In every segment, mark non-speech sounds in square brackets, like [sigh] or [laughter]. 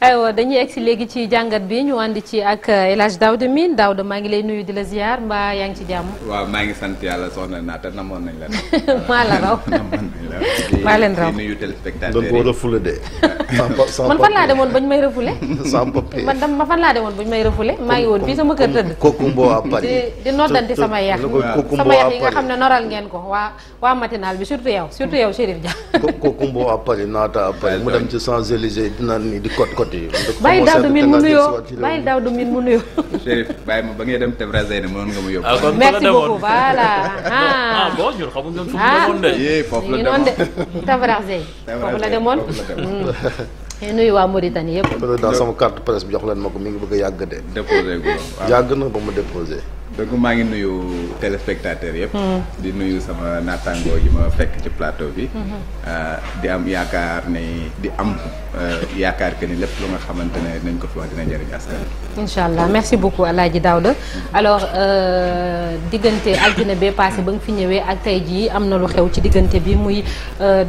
aywa dañuy egg si léegi ci jàngat bi ñu ànd ci ak euh, El Hadj Daouda Mine de maa ngi lay nuyu di la ziar mbaa yaa ngi ci jàmm. waaw maa ngi sant yàlla soxna naa te [laughs] [laughs] namoon nañ la. maa la raw maa leen raw di [laughs] man [laughs] fan laa demoon bañ may refoulé. may refoulé maa woon fii sama kër tëdd. kokumbo à di di sama yax sama yax yi nga xam ne noral ngeen ko waa matinal bi surtout yow surtout yow Chérif Dia. kokumbo à naata à mu dem ci Champs-Élysées dina ni di côte côte yi. daaw du miin mu nuyoo bàyyi daaw du miin mu nuyoo. [laughs] Chérif bàyyi ma ba ngay dem Tebrazene mënoon nga ma yóbbu. Ah, merci beaucoup voilà. [laughs] Ah. ah bon ñun xamuñu fu mu demoon de. Ah. foofu la demoon de Tebrazene hmm. nuyu waa Mauritanie yëpp. président sama carte presse bi jox leen ma ko mi ngi bëgg a yàgg de. déposé gu yàgg na ba mu déposé. donc maa ngi nuyu téléspectateur yëpp. Hmm. di nuyu sama naataangoo yi ma fekk ci plateau bi. Hmm. Hmm. Euh, di am yaakaar ne di am euh, yaakaar que ni lépp lu nga xamante nañ ko fi wax dina jëriñ askan incha allah merci beaucoup El Hadj Daouda alors euh, diggante aldina bee passé ba nga fi ñëwee ak tey jii am na lu xew ci diggante bi muy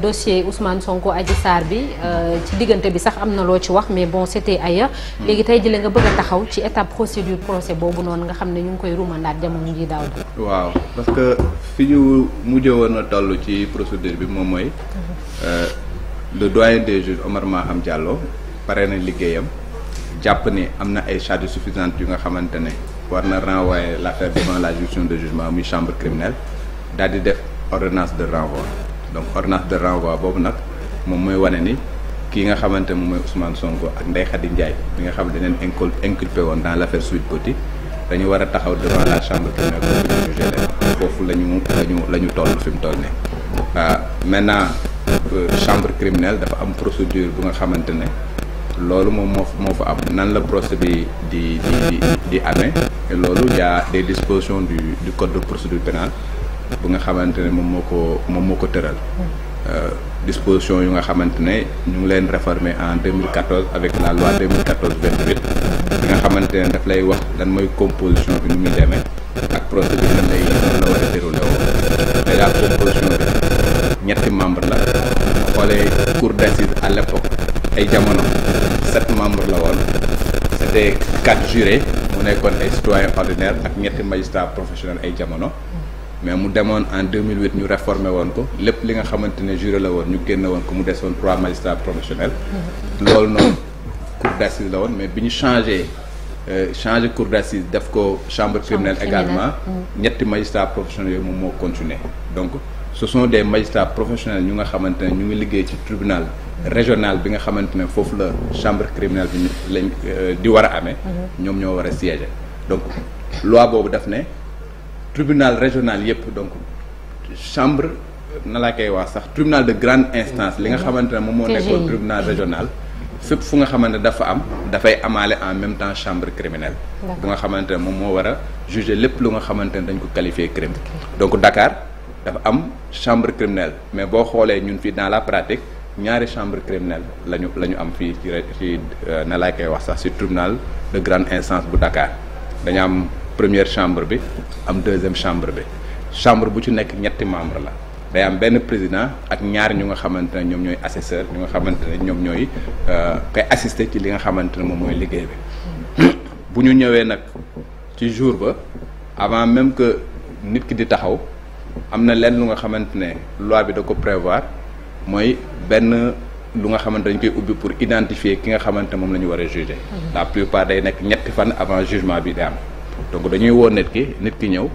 dossier Ousmane Sonko Adji Sarr bi ci diggante bi sax am na loo ci wax mais bon c'était ailleurs. léegi tey jii la nga bëgg a taxaw ci étape procédure procès boobu noonu nga xam ne ñu ngi koy mandat jamono waaw parce que fi ñu mujjee woon a toll ci procédure bi moom mooy euh, le doyen des juges Omar am Diallo pare na liggéeyam jàpp ni am na ay charges suffisantes yu nga xamante ne war na renvoyer l'affaire devant la juridiction de jugement muy chambre criminelle daal di def ordonnance de renvoi donc ordonnance de renvoi boobu nag moom mooy wane ni kii nga xamante moom mooy Ousmane Sonko ak Ndeye Khady njaay bi nga xam ne dañ leen inculpé woon dans l'affaire Sweet Beauté dañu war a taxaw devant la chambre criminelle foofu la ñu la la ñu toll fi mu toll ne ah, maintenant euh, chambre criminelle dafa am procédure bu nga xamante ne loolu moom moo moo fa am nan la procédé di di di amee loolu yaa des dispositions du du code de procédure pénale bu nga xamante ne moom moo ko moom moo ko tëral Euh, disposition yu nga xamante ne ñu ngi leen réformer en 2014 avec la loi vingt 28 bi nga xamante ne daf lay wax lan mooy composition bi nu muy demee ak procédure la war a déroulé woo déjà composition bi ñetti membre la xoolee cour d'assises à l'époque ay jamono sept membre la woon c'était quatre jurés mu nekkoon ay citoyens ordinaires ak ñetti magistrats professionnels ay jamono mais mu demoon en 2008 ñu réformé woon ko lépp li nga xamante ne juré la woon ñu génne woon ko mu desoon trois magistrats professionnels. Mm-hmm. loolu noonu cour d'assises la woon mais bi ñu changé euh, changé cour d'assises def ko chambre criminelle également mm. ñetti magistrats professionnels yooyu moom moo continué donc ce sont des magistrats professionnel ñu nga xamante ne ñu ngi liggéey ci tribunal régional bi nga xamante ne foofu la chambre criminelle bi lañ euh, di war a amee mm-hmm. ñoom ñoo war a siéger donc loi boobu daf ne tribunal régional yëpp donc chambre na laa koy wax sax tribunal de grande instance li nga mm-hmm. xamante ne moom moo nekkoon tribunal régional fépp fu nga xamante ne dafa am dafay amaale en même temps chambre criminelle bu nga xamante ne moom moo war a juger lépp lu nga xamante ne dañ ko qualifier crime donc dakaar dafa am chambre criminelle mais boo xoolee ñun fii dans la pratique ñaari chambre criminelle la ñu la ñu am fii ci ci euh, na laa koy wax sax ci tribunal de grande instance bu Dakar dañu am première chambre bi am deuxième chambre bi chambre bu ci nekk ñetti membre la day am benn président ak ñaar ñu nga xamante ne ñoom ñooy assesseur ñu nga xamante ne ñoom ñooy euh, koy assister ci li nga xamante ne moom mooy liggéey bi bu ñu ñëwee nag ci jour ba avant même que nit ki di taxaw am na lenn lu nga xamante ne loi bi da ko prévoir mooy benn lu nga xamante dañ koy ubbi pour identifier ki nga xamante moom lañu ñu war a juger mm-hmm. la plupart day nekk ñetti fan avant jugement bi day donc dañuy woon nit ki nit ki ñëw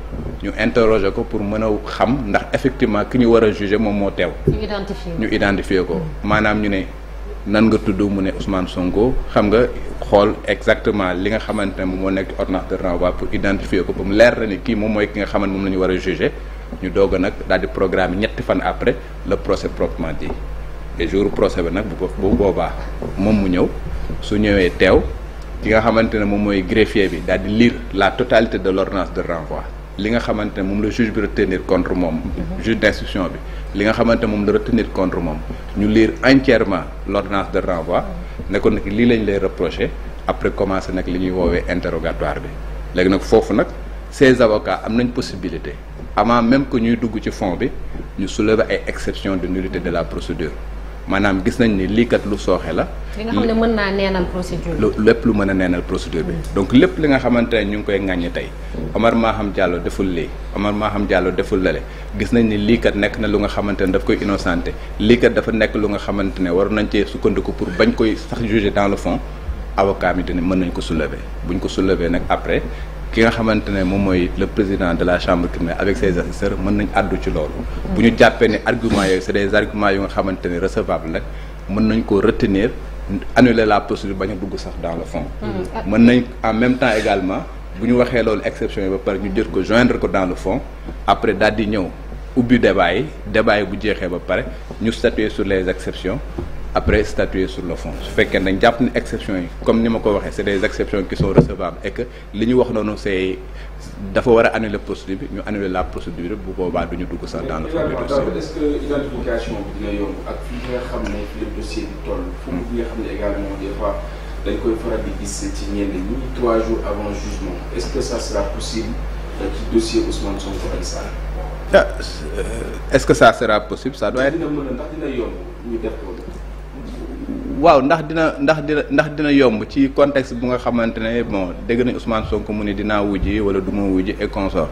ñu interroger ko pour mën a xam ndax effectivement ki ñu war a juger moom moo teew. ñu identifier ko ñu identifier ko maanaam ñu ne nan nga tudd mu ne Ousmane Sonko xam nga xool exactement li nga xamante ne moom moo nekk ordonnance de renvoi pour identifier ko ba mu leer na ni kii moom mooy ki nga xamante moom la ñu war a juger ñu doog nag daal di programme ñetti fan après le procès proprement dit et jour procès bi nag bu boobaa moom mu ñëw su ñëwee teew. li nga xamante ne moom mooy greffier bi daal di lire la totalité de l'ordonnance de renvoi li nga xamante ne moom la juge bi retenir contre moom mhm. juge d'instruction bi li nga xamante ne moom la retenir contre moom ñu liir entièrement l'ordonnance de renvoi ne ko nag lii lañ lay reprocher après commencé nag li ñuy woowe interrogatoire bi léegi nag foofu nag ces avocats am nañ possibilité avant même que ñuy dugg ci fond bi ñu soulever ay exceptions de nullité de la procédure maanaam gis nañ ni lii lu sooxee la. li nga xam ne mën naa neenal procédure bi. lépp lu mën a neenal procédure bi. Mm. donc lépp li nga xamante ne ñu ngi koy ŋàññi tey. Mm. Omar Maham Diallo deful lii Omar xam Diallo deful lale gis nañ ni lii kat nekk na lu nga xamante ne daf koy innocenté lii kat dafa nekk lu nga xamante ne war nañ cee sukkandiku pour bañ koy sax juger dans le fond avocat mi dina mën nañ ko soulever buñ ko soulever nag après. ki nga xamante ne moom mooy le président de la chambre criminelle avec ses assesseurs mën nañ àddu ci loolu bu ñu jàppee ne arguments yooyu c'est des arguments yu nga xamante ne recevable nag mën nañ ko retenir annuler la procédure ba ñu dugg sax dans le fond mm-hmm. mën nañ en même temps également bu ñu waxee loolu exception yi ba pare ñu jël ko joindre ko dans le fond après daal di ñëw ubbi débat yi débat bu jeexee ba pare ñu statuer sur les exceptions après statuer sur le fond su fekkee dañ jàpp ni exception yi comme ni ma ko waxee c'est des exceptions qui sont recevables et li ñu wax noonu c'est dafa war a annuler procédure bi ñu annuler la procédure bu boobaa du ñu dugg sax dans que identification bi dina yomb ak fi nga xam xam ne également des koy faral di gis ci ñenn ñi trois jours avant jugement est-ce que ça sera possible ci dossier Ousmane Sonko ak Sall. ah euh, est-ce que ça sera possible ça doit être. dina mën a ndax dina yomb ñu def ko. waaw ndax dina ndax dina ndax dina yomb ci contexte bu nga xamante ne bon dégg nañ Ousmane Sonko mu ne dinaa wujji wala du ma wujji et consort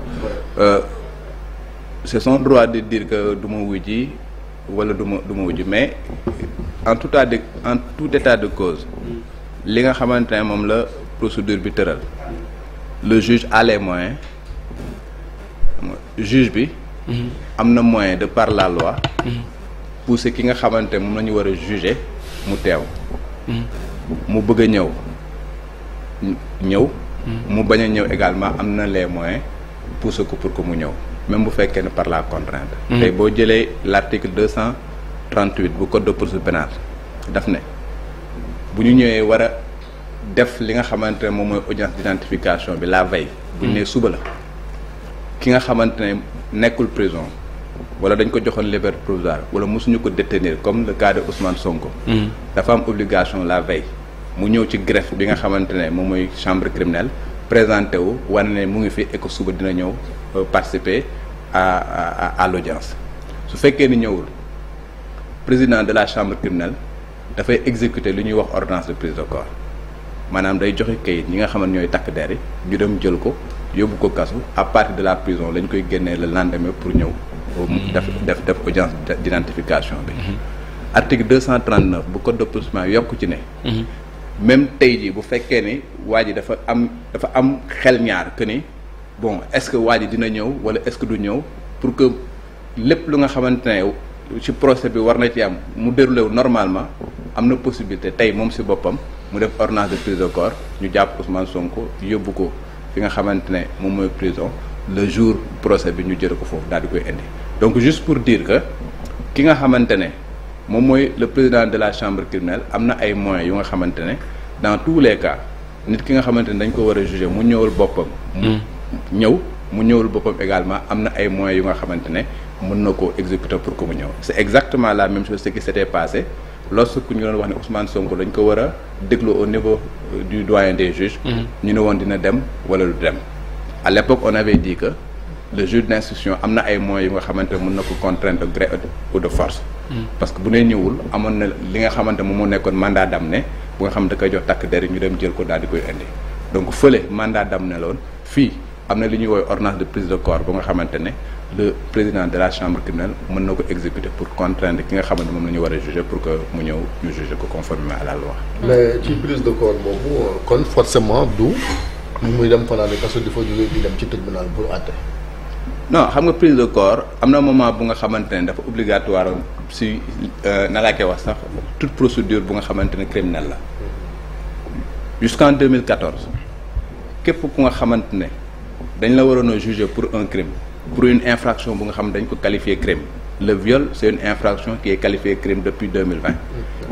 euh, c'est son droit de dire que du ma wujji wala du ma ma wujji mais en tout état de en tout état de cause li nga xamante ne moom la procédure bi tëral le juge à les moyens juge bi mm-hmm. am na moyen de par la loi mm-hmm. pour ki nga xamante moom la ñu war a juger mu teew mu bëgg a ñëw ñëw mu bañ a ñëw également am na les moyens pousse ko pour que mu ñëw même bu fekkee ne par la contrainte mm. tey boo jëlee l' article deux cent trente huit bu code de procédure pénale daf ne bu ñu ñëwee war a def li nga xamante ne moom mooy audience d' bi la veille bu ñu nee suba la ki nga xamante ne nekkul prison wala dañ ko joxoon liberté provisoire wala mosuñu ko détenir comme le cas de Ousmane Sonko. Mm. dafa am obligation la veille mu ñëw ci greffe bi nga xamante ne moom mooy chambre criminelle présenté wu wane ne mu ngi fi et que suba dina ñëw euh, participer à à à l'audience su fekkee ni ñëwul président de la chambre criminelle dafay exécuter lu ñuy wax ordonnance de prise de corps maanaam day joxe kayit ñi nga xaman ñooy takk der yi ñu dem jël ko yóbbu ko kasu à partir de la prison lañ koy génnee le lendemain pour ñëw. def def def audience d' identification bi. Mm-hmm. article deux cent trente neuf bu code de procédure yokk ci ne. Mm-hmm. même tey jii bu fekkee ni waa ji dafa am dafa am xel ñaar que ni bon est ce que waa ji dina ñëw wala est ce que du ñëw pour que lépp lu nga xamante ne ci procès bi war na ci am mu déroulé wu normalement am na possibilité tey moom si boppam mu def ordonnance de prise de corps ñu jàpp Ousmane Sonko yóbbu ko fi nga xamante ne moom mooy prison. le jour procès bi ñu jël ko foofu daal di koy indi donc juste pour diir que ki nga xamante ne moom mooy le président de la chambre criminelle am na ay moyens yu nga xamante ne dans tous les cas nit ki nga xamante ne dañ ko war a juger mu ñëwul boppam. mu hmm. ñëw mu ñëwul boppam également am na ay moyens yu nga xamante ne mën na koo exécuter pour que mu ñëw. c'est exactement la même chose ce qui s'était passé lorsque ñu doon wax ne Ousmane Sonko dañ ko war a au niveau euh, du doyen des juges. Hmm. ñu ne woon dina dem wala du à l'époque on avait dit que le juge d'instruction am na ay moyens yu nga xamante ne mën na ko contraindre de gré ou de force. Mm. parce que bu ne ñëwul amoon na li nga xamante moom moo nekkoon mandat d'amener bu nga xam da koy jox takk der ñu dem jël ko daal di koy indi donc fële mandat d'amener la woon fii am na li ñuy woowee ordonnance de prise de corps bu nga xamante ne le président de la chambre criminelle mën na ko exécuter pour contraindre ki nga xamante moom la ñu war a juger que mu ñëw ko conformément à la loi. mais ci prise de corps muy dem fanaani kaso di fa dem ci tribunal pour àtte. non xam nga prise de corps am na moment bu nga xamante ne dafa obligatoire si euh, na laa koy wax sax toute procédure bu nga xamante ne criminelle la. jusqu'en 2014 képp ku nga xamante ne dañ la waroon a pour un crime pour une infraction bu nga xam dañ ko qualifier crime. le viol c'est une infraction qui est qualifiée crime depuis 2020 mm-hmm.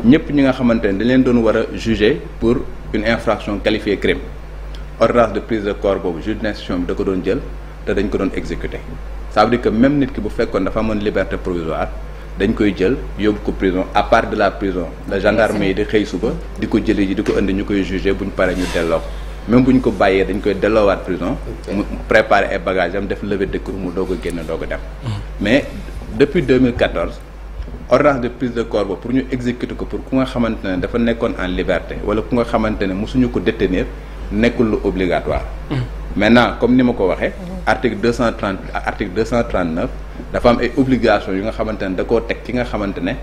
ñëpp ñi nga xamante ne dañ doon war a juger pour une infraction qualifiée crime ordonnance de prise de corps boobu juge bi da ko doon jël te dañ ko doon exécuter ça veut dire que même nit ki bu fekkoon dafa amoon liberté provisoire dañ koy jël yóbbu ko prison à de la prison la gendarmerie di xëy suba di ko jëli ji di ko indi ñu koy jugé bu ñu paree ñu delloo ko même bu ñu ko bàyyee dañ koy delloowaat prison mu préparer ay bagages am def levée de corps mu doog a génn doog a dem mm-hmm. mais depuis 2014 ordonnance de prise de corps ba pour ñu exécuter ko pour ne dafa nekkoon ko détenir nekkul lu obligatoire. Mm. maintenant comme ni ma ko waxee. article deux cent trente ak article deux cent trente neuf dafa am ay obligations yu nga xamante ne da koo teg ki nga xamante ne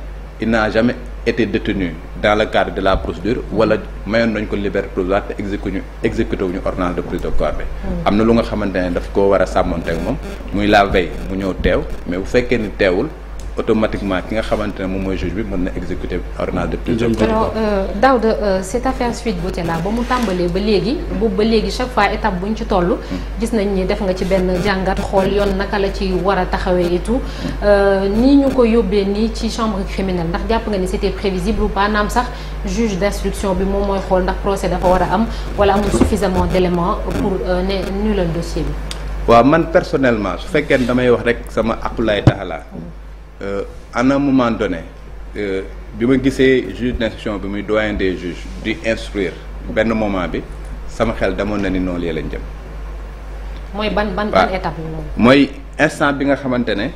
il n'a jamais été détenu dans le cadre de la procédure wala mayoon nañ ko liberté provisoire te exécuté ñu exécuté wu ñu ordonnance de prise de corps bi. Mm. am na lu nga xamante ne daf koo war a sàmmanteeg moom muy la veille mu ñëw teew mais bu fekkee ni teewul. automatiquement ki nga xamante ne moom mooy juge bi mën na exécuter ordonnance de plusieurs alors euh, Daouda euh, cette la mu tàmbalee ba léegi boobu ba léegi chaque fois étape buñ ci toll gis nañ ni def nga ci benn jàngat xool yoon naka la ci war a taxawee et tout euh, nii ñu ko yóbbee ni ci chambre criminelle ndax jàpp nga ni te prévisible ou pas naam sax juge d'instruction bi moom mooy xool ndax procès dafa war a am wala amul suffisamment d'éléments pour ne nulal dossier bi waaw man personnellement su fekkee damay wax rek sama aqulaay taala à euh, un moment donné euh, bi ma gisee juge d'instruction bi muy doyen des juges di instruire benn moment bi sama xel demoon na ni noonu yee lañ jëm. mooy ban ban ban étape mooy instant bi nga xamante ne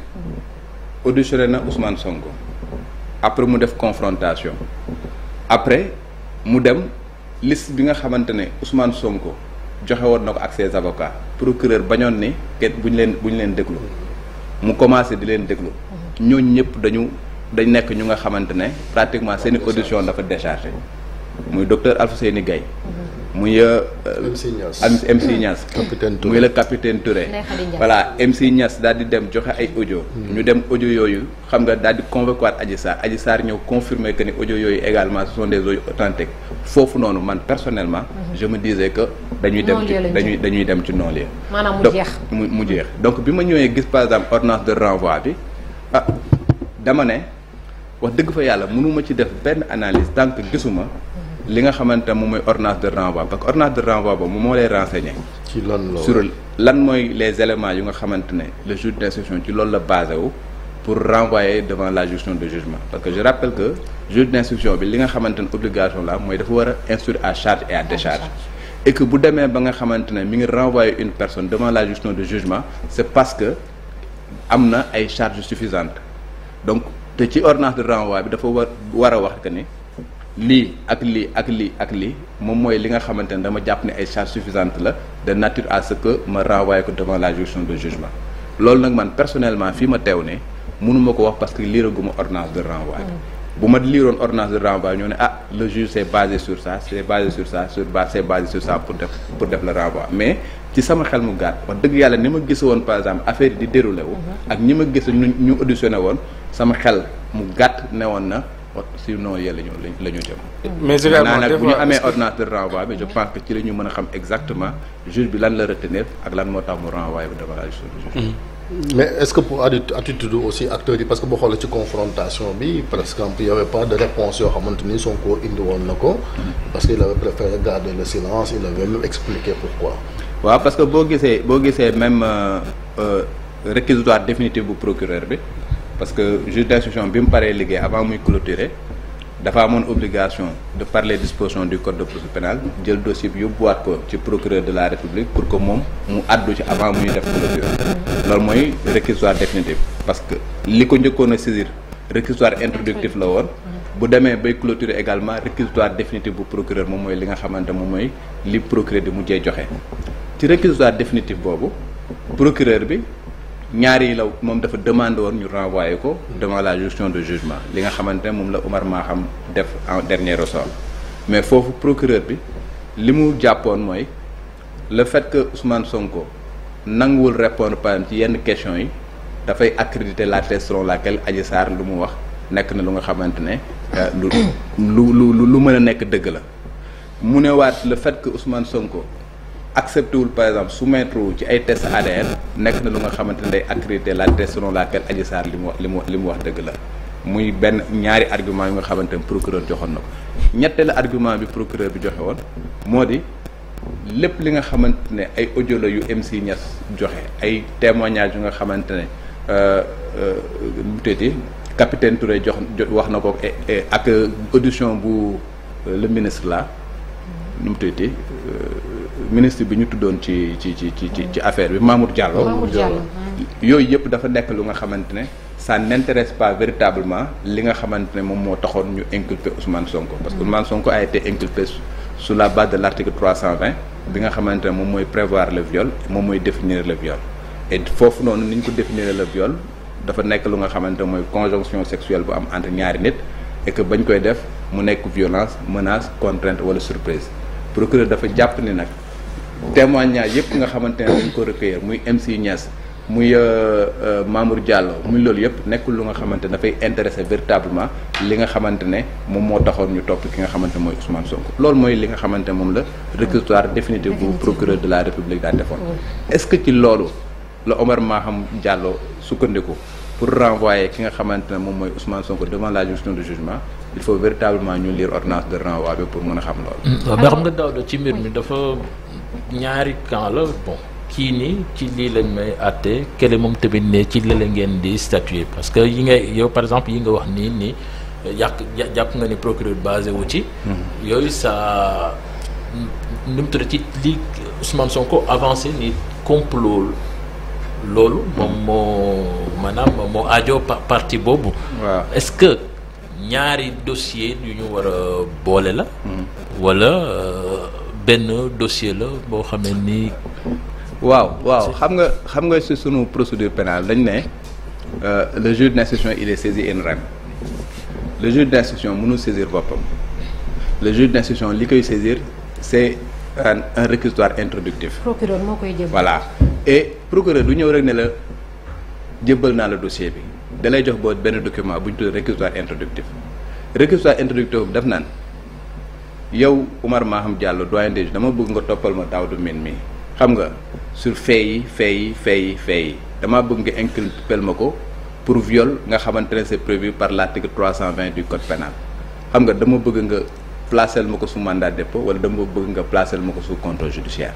auditionné na Ousmane Sonko après mu def confrontation après mu dem liste bi nga xamante ne Ousmane Sonko joxe woon na ko ak ses avocats procureur bañoon ni kenn bu ñu leen bu ñu leen déglu mu commencé di leen déglu. ñooñu ñëpp dañu dañ nekk ñu nga xamante ne pratiquement seen i audition dafa déchargé muy docteur Alfousseyni Gaye muy euh, euh, MC Niass muy le capitaine Touré voilà MC Niass daal di dem joxe ay audio hmm. ñu dem audio yooyu xam nga daal di convoqué waat Adji Sarr Adji ñëw confirmer que ni audio yooyu également ce sont des audios authentiques foofu noonu man personnellement hmm. je me disais que dañuy dem ci dañuy dañuy dem ci non-lieu maanaam mu jeex donc bi ma ñëwee gis par exemple ordonnance de bi ah dama ne wax dëgg fa yàlla mënuma ci def benn analyse tant que gisuma li nga xamante moom mooy ordonnance de renvoi parce que ordonnance de renvoi ba moom moo lay renseigné. ci lan la sur lan mooy les éléments yu nga xamante ne le juge d'instruction ci loolu la basé wu pour renvoyer devant la juridiction de jugement parce que je rappelle que juge d'instruction bi li nga xamante ne obligation la mooy dafa war a instruire à charge et à décharge. et que bu demee ba nga xamante ne mi ngi renvoyer une personne devant la juridiction de jugement c'est parce que. am na ay charge suffisante donc te ci ordonnance de renvoi bi dafa war war a wax que ni lii ak lii ak lii ak lii moom mooy li nga xamante ne dama jàpp ne ay charge suffisante la de nature à ce que ma renvoyé ko devant la juridiction de jugement loolu nag man personnellement fii ma teew ne mënuma ko wax parce que liiraguma ordonnance de renvoi mm. bu ma liiroon ordonnance de renvoi ñoo ne ah le juge c'est basé sur ça c'est basé sur ça sur ba c'est sur pour def pour def mais ci sama xel mu gàtt wax dëgg yàlla ni ma gis woon par exemple affaire di déroulé wu. ak ñi ma gis ñu ñu auditionné woon sama xel mu gàtt ne woon na sinon yee la ñu la ñu jëm. mais également nag bu ñu amee ordinateur renvoi bi je pense que ci la ñu mën a xam exactement juge bi lan la retenir ak lan moo tax mu renvoyé bi devant la justice. Mm-hmm. mais est-ce que pour attitude aussi acteurs yi parce que boo xoolee ci confrontation bi presque il y avait pas de réponse yoo xamante ni Sonko indi woon na ko. parce que il avait préféré garder le silence il avait même expliqué pourquoi. waaw parce que boo gisee boo gisee même euh, euh, réquisitoire définitif bu procureur bi parce que juge d'instruction bi mu paree liggéey avant muy clôturer. dafa amoon obligation de par les dispositions du code de procédure pénale jël dossier bi yóbbuwaat ko ci procureur de la république pour que moom mu addu ci avant muy def clôture loolu mooy réquisitoire définitif parce que li ko njëkkoon a saisir réquisitoire introductif la woon bu demee bay clôturer également réquisitoire définitif bu procureur moom mooy li nga xamante moom mooy li procureur di mujjee joxe ci réquisitoire définitif boobu procureur bi ñaari la moom dafa demandé woon ñu renvoyer ko devant la juridiction de jugement li nga xamante ne moom la Oumar Maham def en dernier ressort mais foofu procureur bi li mu jàppoon mooy la fait que Sonko nanguwul répondre par ci yenn questions yi dafay accréditer la thèse selon laquelle aji Sarr lu mu wax nekk na lu nga xamante ne euh, lu lu lu lu mën a nekk dëgg la mu ne waat la fait que Ousmane Sonko accepté wul par exemple soumettre wu ci ay test ADN nekk na lu nga xamante ne day accrédité la thèse selon laquelle Adji Sarr li mu wax li mu li mu wax dëgg la muy benn ñaari argument yu nga xamante ne procureur joxoon na ko ñetteelu argument bi procureur bi joxe woon moo di lépp li nga xamante ne ay audio yu MC Niass joxe ay témoignages yu nga xamante ne euh, euh, lu tëddee capitaine Touré jox wax na ko ak audition bu euh, le ministre la nu ministre bi ñu tuddoon ci ci ci ci ci affaire bi Mamour ah. Diallo yooyu yëpp dafa nekk lu nga xamante ne ça n'intéresse pas li nga xamante ne moom moo taxoon ñu inculper Ousmane Sonko parce que mm-hmm. Ousmane Sonko a été inculpé sous la base de l'article 320 bi nga xamante ne moom mooy prévoir le viol moom mooy définir le viol et foofu noonu ni ñu ko définir le viol dafa nekk lu nga xamante mooy conjonction sexuelle bu am entre ñaari nit et que bañ koy def mu nekk violence menace contrainte wala surprise procureur dafa jàpp ni nag témoignage yëpp nga xamante ne dañ ko recueillir muy MC Niass muy euh, euh, Mamour Diallo muy loolu yëpp nekkul lu nga xamante ne dafay intéressé véritablement li nga xamante moom moo taxoon ñu topp ki nga xamante mooy Ousmane Sonko. loolu mooy li nga xamante moom la réquisitoire définitif bu que ci loolu la Omar Maham sukkandiku pour renvoyer ki nga xamante ne moom mooy Ousmane Sonko devant la juridiction de jugement. il faut véritablement ñu lire ordonnance de renvoi bi pour mën a xam loolu. Mm, waaw mais xam nga daaw da ci mbir mi dafa ñaari camp la bon kii nii ci lii lañ may àtte kële moom tamit ne ci lële ngeen di statuer parce que yi ngay yow par exemple yi nga wax nii nii yàq jàpp nga ni procureur basé wu ci. Mm-hmm. yooyu sa nu mu tudd ci lii Ousmane Sonko avancé ni complot loolu. moom mm-hmm. moo maanaam moo aajo parti boobu. est-ce que ñaari dossier yu ñu war a boole la. Mm-hmm. wala. Euh, benn dossier la boo xamee ni. waaw waaw xam nga xam nga ci sunu procédure pénale dañ ne euh, le juge d'instruction il est saisi in rem le juge d'instruction mënul saisir boppam le juge d'instruction li koy saisir c'est un un réquisitoire introductif. procureur moo koy jël. voilà et procureur du ñëw rek ne la jëbbal naa la dossier bi. da lay jox boo benn document bu ñu tudd réquisitoire introductif réquisitoire introductif daf naan. yow Oumar Maham Diallo doyen des dama bëgg nga toppal ma daaw Daouda Mine mi xam nga sur fee yi fee yi fee damaa bëgg nga inculpel ma ko pour viol nga xamante ne c'est prévu par l'article 320 du code pénal xam nga dama bëgg nga placel ma ko su mandat de dépôt wala dama bëgg nga placel ma ko sous contrôle judiciaire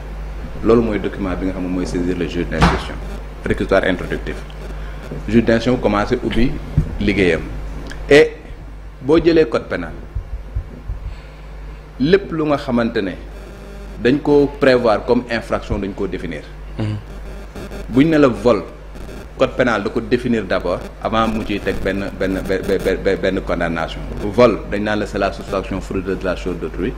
loolu mooy document bi nga xam ne mooy saisir le juge d'instruction réquisitoire introductif juge d'instruction commencé ubbi liggéeyam et boo jëlee code pénal lépp lu nga xamante ne dañ ko prévoir comme infraction dañ koo définir buñ ne la vol code pénal da ko définir d'abord avant mu ciy teg benn benn benn condamnation vol dañ naan la c'est la soustraction frauduleuse de la chose d'autrui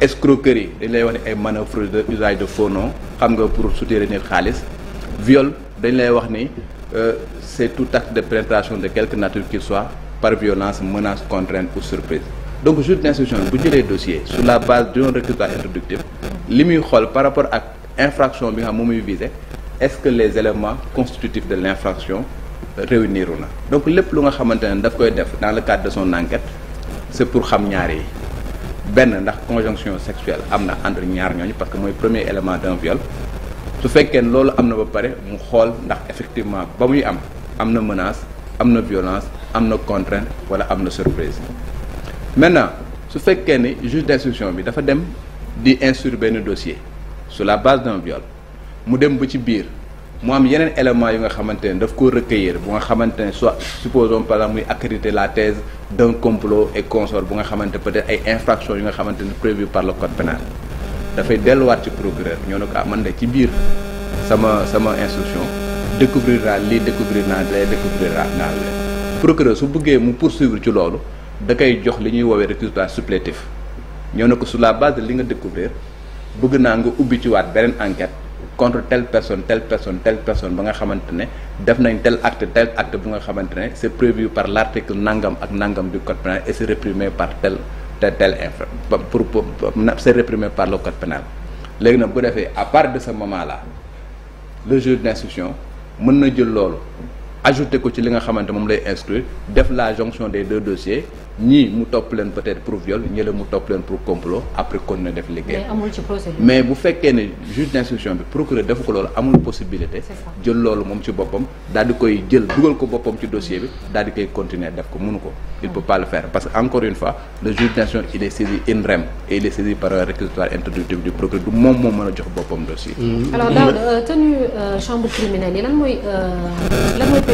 escroquerie dañ lay wax ni ay manœuvre frauduleuse usage de faux noms xam nga pour soutirer nit xaalis viol dañ lay wax ni euh, c'est tout acte de pénétration de quelque nature qu'il soit par violence menace contrainte ou surprise donc juge d'instruction bu jëlee dossier sur la base d'un réquisitoire introductif li muy xool par rapport ak infraction bi nga xam moom muy visé est-ce que les éléments constitutifs de l'infraction réuniru na donc lépp lu nga xamante ne daf koy def dans le cadre de son enquête c'est pour xam ñaari benn ndax conjonction sexuelle am na entre ñaar ñooñu parce que mooy premier élément d'un viol su fekkee loolu am na ba pare mu xool ndax effectivement ba muy am am na menace am na violence am na contrainte wala am na surprise maintenant su fekkee ni juge d'instruction bi dafa dem di instruire benn dossier su la base d'un viol mu dem ba ci biir mu am yeneen élément yu nga xamante ne daf ko recueillir bu nga xamante ne soit supposons par exemple muy accrité la thèse d'un complot et consort bu nga xamante peut ay infractions yu nga xamante ne prévues par le code pénal dafay delluwaat ci procureur ñoo ne ko ah man de ci biir sama sama instruction découvrir naa lii découvrir naa lay découvrir naa su bëggee mu poursuivre ci loolu da jox li ñuy woowee résultat supplétif ñoo ne ko sur la base li nga découvrir bëgg naa nga ubbi ci waat beneen enquête contre telle personne telle personne telle personne ba nga xamante ne def nañ tel acte tel acte bu nga xamante ne c'est prévu par l'article nangam ak nangam du code pénal et c'est réprimé par tel tel tel infra pour pour c'est réprimé par le code pénal léegi nag bu defee à part de sa moment la le juge d'instruction mën na jël loolu ajouté ko ci li nga xamante moom lay instruire def la jonction des deux dossiers ñii mu topp leen peut-être pour viol ñële mu topp leen pour complot après continuer def liggéey mais bu fekkee ne juge d'instruction bi procureur defu ko loolu amul possibilité jël loolu moom ci boppam daal di koy jël dugal ko boppam ci dossier bi daal di koy continuer def ko mënu ko il peut pas parce que encore une fois le juge d'instruction il est saisi moom moo mën a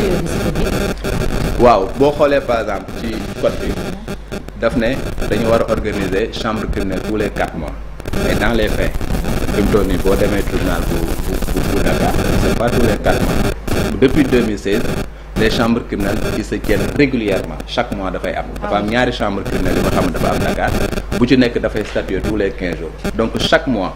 waaw boo xoolee par exemple ci code bi daf ne dañu war a organiser chambre criminelle tous les quatre mois mais dans les faits fi mu toll boo demee tribunal bu bu bu Dakar c'est pas tous les quatre mois depuis 2016 les chambres criminelles qui se tiennent régulièrement chaque mois dafay am dafa am ñaari chambres criminelles yi nga xam dafa am Dakar bu ci nekk dafay statuer tous les quinze jours donc chaque mois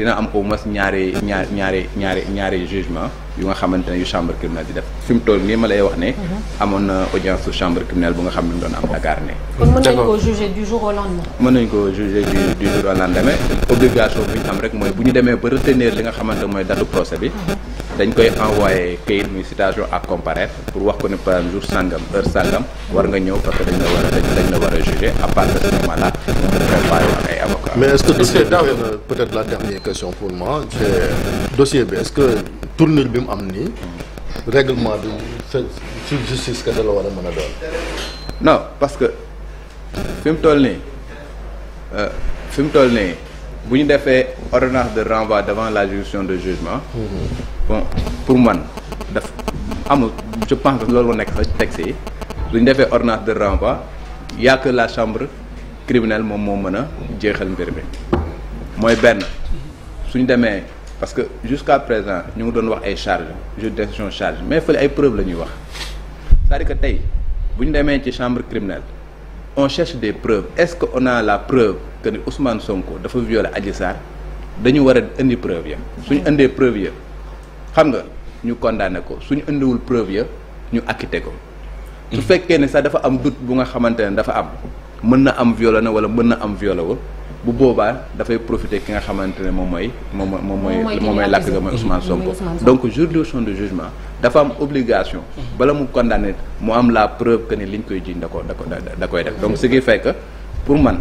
dina am ko moins ñaari ñaar ñaari ñaari ñaari jugement yu nga xamante ne yu chambre criminelle di def fi mu toll nii ma lay wax ne. Mhm. amoon na audience su chambre criminelle bu nga xam ne mu doon am Dakar ne. kon mën nañu koo juger du jour au lendemain. mën nañu koo juger du jour au lendemain obligation bu ñu am rek mooy bu demee ba retenir li nga xamante mooy datu procès bi. Mhm. dañ koy envoyé kayit muy citation à comparaître pour wax ko ne par jour sangam heure sangam war nga ñëw parce que dañ la war a dañ la war a jugé à partir de ce moment ay avocats. mais est-ce que dossier bi peut-être la dernière question pour moi c'est dossier bi est-ce que tournure bi mu am nii. règlement bi sa sur justice que da la war mën a doon. non parce que fi toll nii euh, fi toll nii. bu ñu defee ordonnance de renvoi devant la juridiction de jugement bon pour man daf amul je pense loolu nekk sax ci texte lu ñu defee ordonnance de renvoi y'a la chambre criminelle moom moo mën a jeexal mbir mi mooy benn suñu demee parce que jusqu'à présent ñu ngi doon wax ay charges juge d'instruction charge mais fële ay preuves la ñuy wax cest à que tey bu ñu demee ci chambre criminelle on cherche des preuves est-ce que on a la preuve que ni Ousmane Sonko dafa violé Adji Sarr dañu war a indi preuve ya suñu indee preuve ya xam nga ñu condamné ko suñu indiwul preuve ya ñu acquitté ko su fekkee ne sax dafa am doute bu nga xamante ne dafa am mën na am violé na wala mën na am violé wul bu boobaa dafay profité ki nga xamante ne moom mooy moom moom mooy moom mooy làkk ga mooy Ousmane Sonko donc juridiction de jugement dafa am obligation mhm. bala mu condamné mu am la preuve que ni liñ koy jiiñ da ko da ko da koy def donc ce qui fait pour man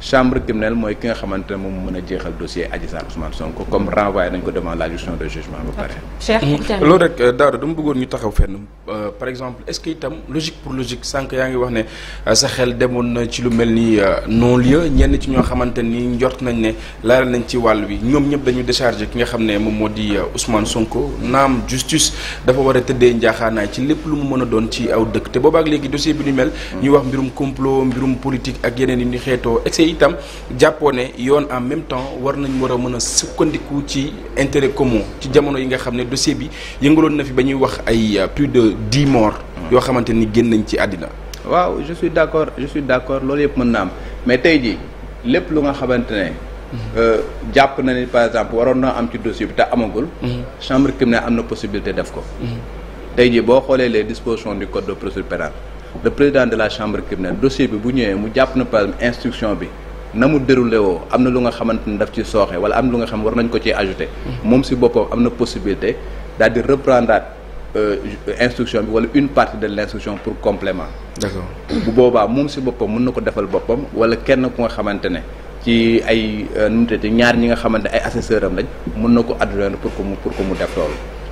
chambre criminelle mooy ki nga xamante ne moom mën a jeexal dossier Adji Sarr Ousmane Sonko comme renvoyé nañ ko devant la juridiction de jugement ba pare. Mm-hmm. loolu rek euh, Daara dama bëggoon ñu taxaw fenn euh, par exemple est-ce que itam logique pour logique sànq yaa ngi wax ne euh, sa xel demoon na ci lu mel ni non-lieu ñenn ci ñoo xamante ni njort nañ ne laal nañ ci wàll wi ñoom ñëpp dañu décharger ki nga xam ne moom moo di Ousmane Sonko naam justice dafa war a tëddee njaaxaanaay ci lépp lu mu mën a doon ci aw dëkk te boobaak léegi dossier bi ñu mel. ñuy wax mbirum complot mbirum politique yeneen yi ñu xeetoo itam jàppoo ne yoon en même temps war nañ war mën a sukkandiku ci intéret commun ci jamono yi nga xam ne dossier bi yëngaloon na fi ba ñuy wax ay euh, plus de dix morts. yoo xamante ni génn nañ ci àddina. waaw je suis d'accord je suis d'accord loolu yëpp mën na am mais tey jii lépp lu nga xamante ne. Euh, jàpp na ni par exemple waroon na am ci dossier bi te amagul. Mm-hmm. chambre criminelle am na possibilité def ko. Mm-hmm. tey jii boo xoolee les du code de procédure pénale. le président de la chambre criminelle dossier bi bu ñëwee mu jàpp na par exemple bi na mu déroulé woo am na lu nga xamante ni daf ci sooxe wala am na lu nga xam war nañ ko ciy ajouté mm-hmm. moom si boppam am na possibilité daal di reprendre euh, instruction bi wala une partie de l' instruction pour complément d'accord bu boobaa moom si boppam mun na ko defal boppam wala kenn ku nga xamante ne ci ay euh, nu mu ñaar ñi nga xamante ay assesseur am lañ mën na ko adjoindre pour que mu pour que mu def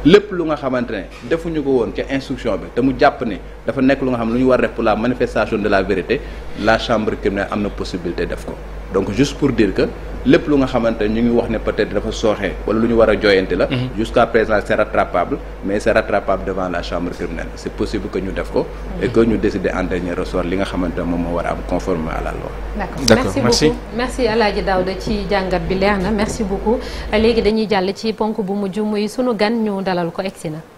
lépp lu nga xamante ne defuñu ko woon ca instruction bi te mu jàpp ne dafa nekk lu nga xam ne lu ñu war def pour la manifestation de la vérité la chambre criminelle am na possibilité def ko donc juste pour dire que lépp lu nga xamante ñu ngi wax ne peut-être dafa sooxee wala lu ñu war a jooyante la mhm. jusqu'à présent c'est mais c'est devant la chambre criminelle c'est possible que ñu def ko mhm. et que ñu décider en dernier ressort li nga xamante moom moo war am conforme à la loi d'accord merci beaucoup merci Alaaji Daouda ci jàngat bi leer na merci beaucoup léegi dañuy jàll ci ponk bu mujj muy sunu gan ñu dalal ko egsi na